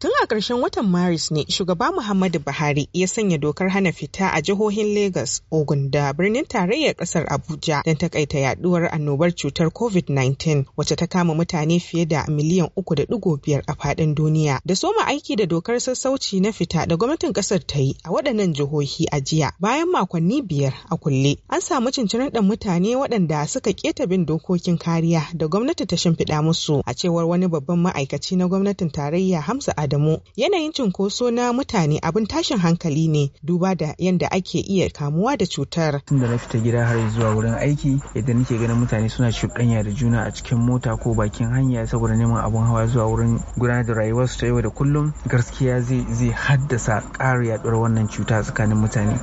Tun a ƙarshen watan Maris ne shugaba Muhammadu Buhari ya sanya dokar hana fita a jihohin Legas, Ogun da birnin tarayyar ƙasar Abuja don takaita yaduwar annobar cutar COVID-19 wacce ta kama mutane fiye da miliyan uku da biyar a faɗin duniya. Da soma aiki da dokar sassauci na fita da gwamnatin ƙasar ta yi a waɗannan jihohi a jiya bayan makonni biyar a kulle. An samu cincirin ɗan mutane waɗanda suka keta bin dokokin kariya da gwamnati ta shimfiɗa musu a cewar wani babban ma'aikaci na gwamnatin tarayya Hamza Ado. da mu yanayin cinkoso na mutane abin tashin hankali ne duba da yadda ake iya kamuwa da cutar. Tun da na fita gida har zuwa wurin aiki idan nake ganin mutane suna cuɗanya da juna a cikin mota ko bakin hanya saboda neman abun hawa zuwa wurin gudanar da rayuwarsu ta yau da kullum gaskiya zai zai haddasa ƙara yaɗuwar wannan cuta tsakanin mutane.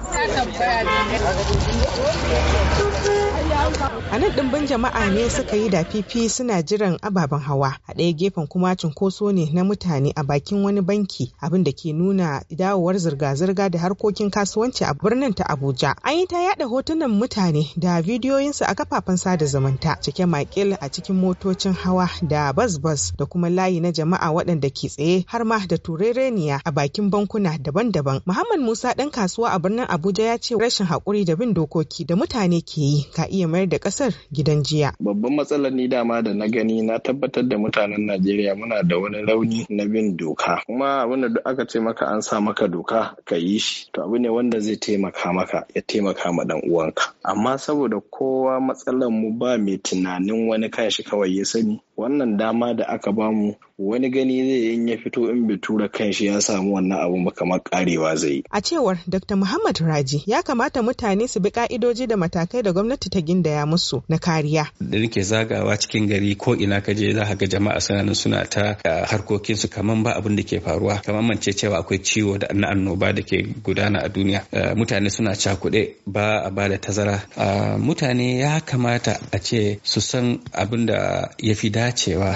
A nan dimbin jama'a ne suka yi da fifi suna jiran ababen hawa. A ɗaya gefen kuma cunkoso ne na mutane a bakin wani banki abin da ke nuna dawowar zirga-zirga da harkokin kasuwanci a birnin ta Abuja. An yi ta yaɗa hotunan mutane da bidiyoyinsu a kafafen sada zumunta cike makil a cikin motocin hawa da bas-bas da kuma layi na jama'a waɗanda ke tsaye har ma da turereniya a bakin bankuna daban-daban. Muhammad Musa ɗan kasuwa a birnin Abuja ya ce rashin haƙuri da bin dokoki da mutane ke yi ka iya mayar da ƙasa kasar gidan jiya. Babban matsalar ni dama da na gani na tabbatar da mutanen Najeriya muna da wani rauni na bin doka. Kuma abin duk aka ce maka an sa maka doka ka yi shi to abu ne wanda zai taimaka maka ya taimaka ma dan uwanka. Amma saboda kowa matsalar mu ba mai tunanin wani kashi kawai ya sani wannan dama da aka bamu wani gani zai yi ya fito in bai tura shi ya samu wannan abu ba kamar karewa zai yi. A cewar Dr. Muhammad Raji ya kamata mutane su bi ka'idoji da matakai da gwamnati ta gindaya musu. su na kariya. Da nake zagawa cikin gari ko ina ka je za ka ga jama'a sananin suna ta harkokin su kaman ba abin da ke faruwa kaman mance cewa akwai ciwo da na annoba da ke gudana a duniya mutane suna cakuɗe ba a ba da tazara mutane ya kamata a ce su san abin da ya fi dacewa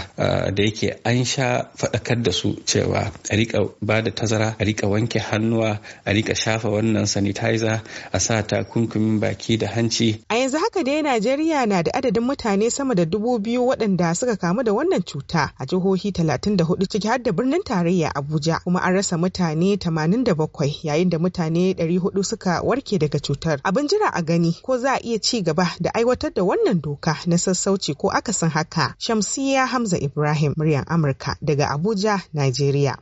da yake an sha faɗakar da su cewa a rika ba da tazara a rika wanke hannuwa a rika shafa wannan sanitizer a sa takunkumin baki da hanci a yanzu haka dai najeriya Najeriya na da adadin mutane sama da dubu biyu waɗanda suka kamu da wannan cuta a jihohi talatin da hudu ciki har da birnin tarayya Abuja kuma an rasa mutane tamanin da bakwai yayin da mutane hudu suka warke daga cutar. Abin jira a gani ko za a iya ci gaba da aiwatar da wannan doka na sassauci ko akasin haka. Shamsiya Hamza Ibrahim muryar Amurka daga Abuja, Najeriya.